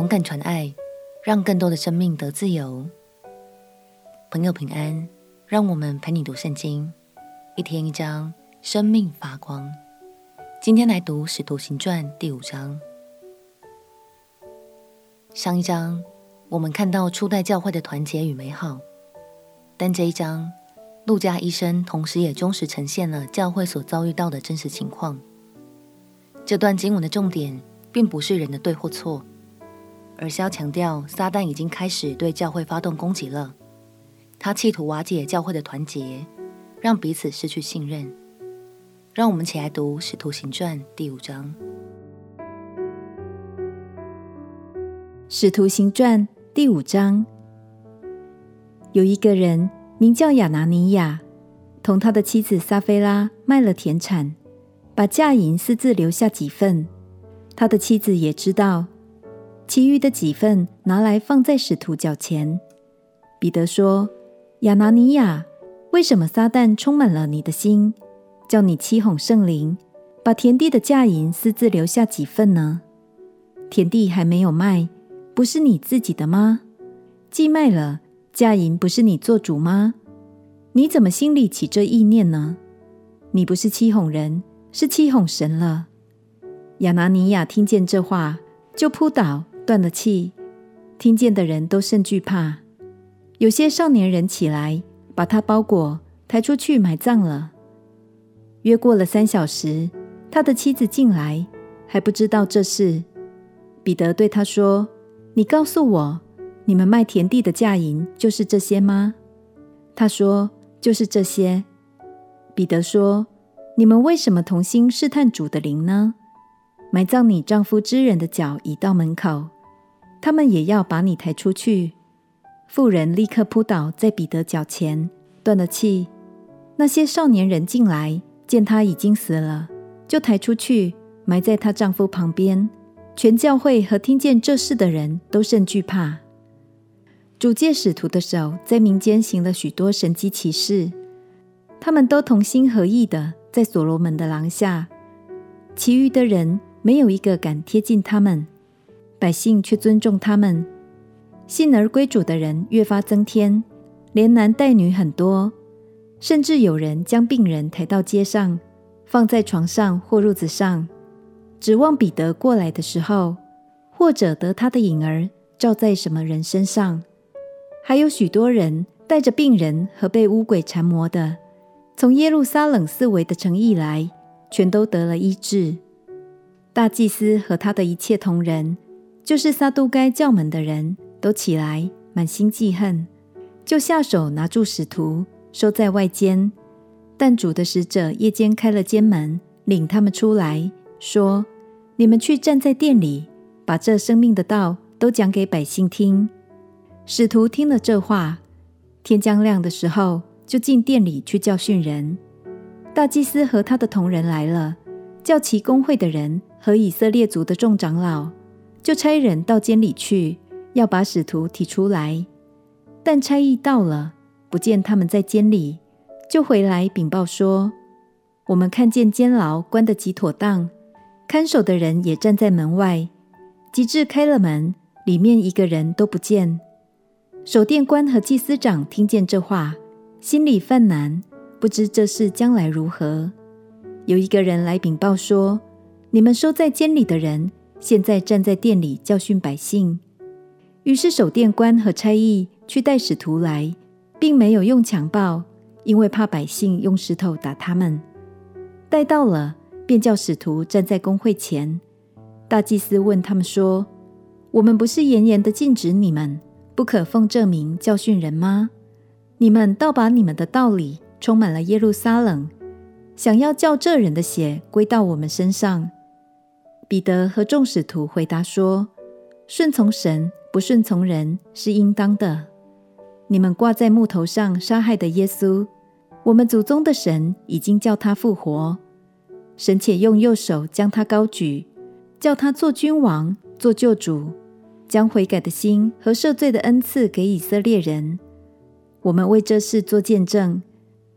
勇敢傳愛，讓更多的生命得自由。朋友平安，讓我們陪你讀聖經，一天一章，生命發光。今天來讀《使徒行傳》第五章。上一章我們看到初代教會的團結與美好，但這一章，路加醫生同時也忠實呈現了教會所遭遇到的真實情況。這段經文的重點，並不是人的對或錯。爾肖強調，撒旦已經開始對教會發動攻擊了。他企圖瓦解教會的團結，讓彼此失去信任。讓我們一起來讀《使徒行傳》第五章。《使徒行傳》第五章，有一個人名叫亞拿尼亞，同他的妻子撒非拉賣了田產，把價銀私自留下幾份。他的妻子也知道。其餘的幾份拿來放在使徒腳前。彼得說：“亞拿尼亞，為什麼撒旦充滿了你的心，叫你欺哄聖靈，把田地的價銀私自留下幾份呢？田地還沒有賣，不是你自己的嗎？既賣了，價銀不是你做主嗎？你怎麼心裡起這意念呢？你不是欺哄人，是欺哄神了。”亞拿尼亞聽見這話，就撲倒。斷了氣，聽見的人都甚懼怕。有些少年人起來，把他包裹抬出去埋葬了。約過了三小時，他的妻子進來，還不知道這事。彼得對他說：“你告訴我，你們賣田地的價銀就是這些嗎？”他說：“就是這些。”彼得說：“你們為什麼同心試探主的靈呢？”埋葬你丈夫之人的腳已到門口。他們也要把你抬出去。婦人立刻撲倒在彼得腳前，斷了氣。那些少年人進來，見他已經死了，就抬出去埋在他丈夫旁邊。全教會和聽見這事的人都甚懼怕。主借使徒的手在民間行了許多神跡奇事，他們都同心合意的在所羅門的廊下。其餘的人沒有一個敢貼近他們。百姓卻尊重他們，信而歸主的人越發增添，連男帶女很多，甚至有人將病人抬到街上，放在床上或褥子上，指望彼得過來的時候，或者得他的影兒照在什麼人身上。還有許多人帶着病人和被污鬼纏磨的，從耶路撒冷四圍的城邑來，全都得了醫治。大祭司和他的一切同仁。就是撒都該教門的人都起來，滿心記恨，就下手拿住使徒，收在外間。但主的使者夜間開了監門，領他們出來，說：“你們去站在殿裡，把這生命的道都講給百姓聽。”使徒聽了這話，天將亮的時候，就進殿裡去教訓人。大祭司和他的同人來了，叫其公會的人和以色列族的眾長老。就差人到監裡去，要把使徒提出來。但差役到了，不見他們在監裡，就回來稟報說：“我們看見監牢關得極妥當，看守的人也站在門外。及至開了門，裡面一個人都不見。”守殿官和祭司長聽見這話，心裡犯難，不知這事將來如何。有一個人來稟報說：“你們收在監裡的人。”現在站在殿裡教訓百姓，於是守殿官和差役去帶使徒來，並沒有用強暴，因為怕百姓用石頭打他們。帶到了，便叫使徒站在公會前。大祭司問他們說：“我們不是嚴嚴的禁止你們不可奉這名教訓人嗎？你們倒把你們的道理充滿了耶路撒冷，想要叫這人的血歸到我們身上。”彼得和眾使徒回答說：“順從神，不順從人是應當的。你們掛在木頭上殺害的耶穌，我們祖宗的神已經叫他復活。神且用右手將他高舉，叫他做君王、做救主，將悔改的心和赦罪的恩賜給以色列人。我們為這事做見證，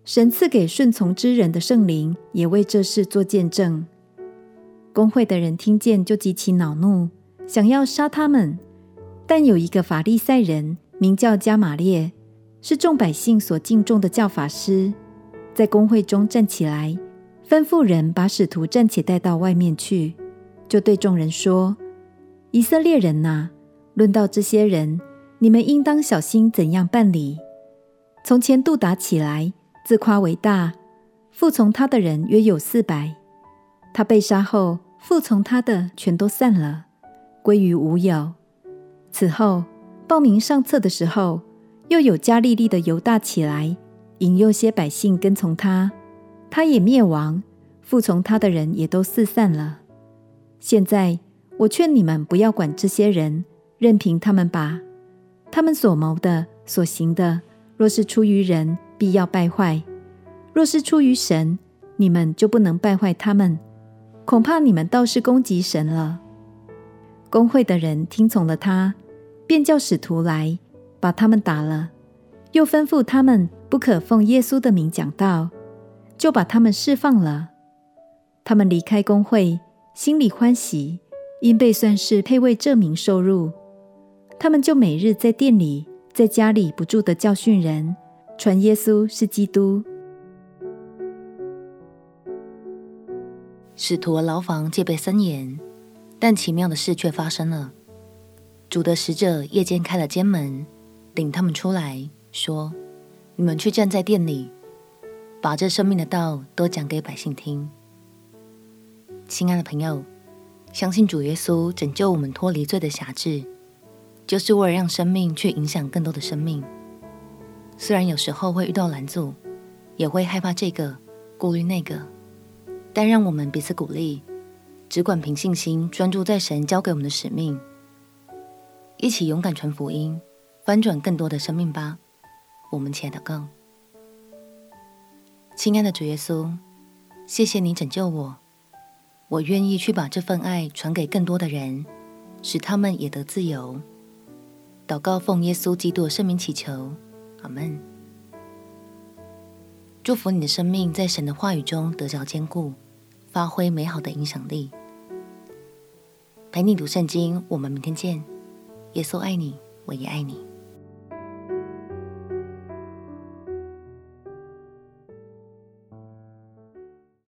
神賜給順從之人的聖靈也為這事做見證。”公會的人聽見就極其惱怒，想要殺他們。但有一個法利賽人，名叫加瑪列，是眾百姓所敬重的教法師，在公會中站起來，吩咐人把使徒暫且帶到外面去，就對眾人說：“以色列人吶、啊，論到這些人，你們應當小心怎樣辦理。從前杜達起來，自誇為大，服從他的人約有四百。”他被殺後，服從他的全都散了，歸於無有。此後報名上冊的時候，又有加利利的猶大起來，引誘些百姓跟從他，他也滅亡，服從他的人也都四散了。現在我勸你們不要管這些人，任憑他們吧。他們所謀的、所行的，若是出於人，必要敗壞；若是出於神，你們就不能敗壞他們。恐怕你們倒是攻擊神了。公會的人聽從了他，便叫使徒來，把他們打了，又吩咐他們不可奉耶穌的名講道，就把他們釋放了。他們離開公會，心裡歡喜，因被算是配為這名受辱。他們就每日在殿裡，在家裡不住的教訓人，傳耶穌是基督。使徒牢房戒備森嚴，但奇妙的事卻發生了。主的使者夜間開了監門，領他們出來，說：“你們去站在殿裡，把這生命的道都講給百姓聽。”親愛的朋友，相信主耶穌拯救我們脫離罪的轄制，就是為了讓生命去影響更多的生命。雖然有時候會遇到攔阻，也會害怕這個，顧慮那個。但讓我們彼此鼓勵，只管憑信心專注在神交給我們的使命，一起勇敢傳福音，翻轉更多的生命吧。我們親愛的禱告。親愛的主耶穌，謝謝你拯救我，我願意去把這份愛傳給更多的人，使他們也得自由。禱告奉耶穌基督聖名祈求，阿門。祝福你的生命在神的話語中得着堅固。發揮美好的影響力，陪你讀聖經。我們明天見。耶穌愛你，我也愛你。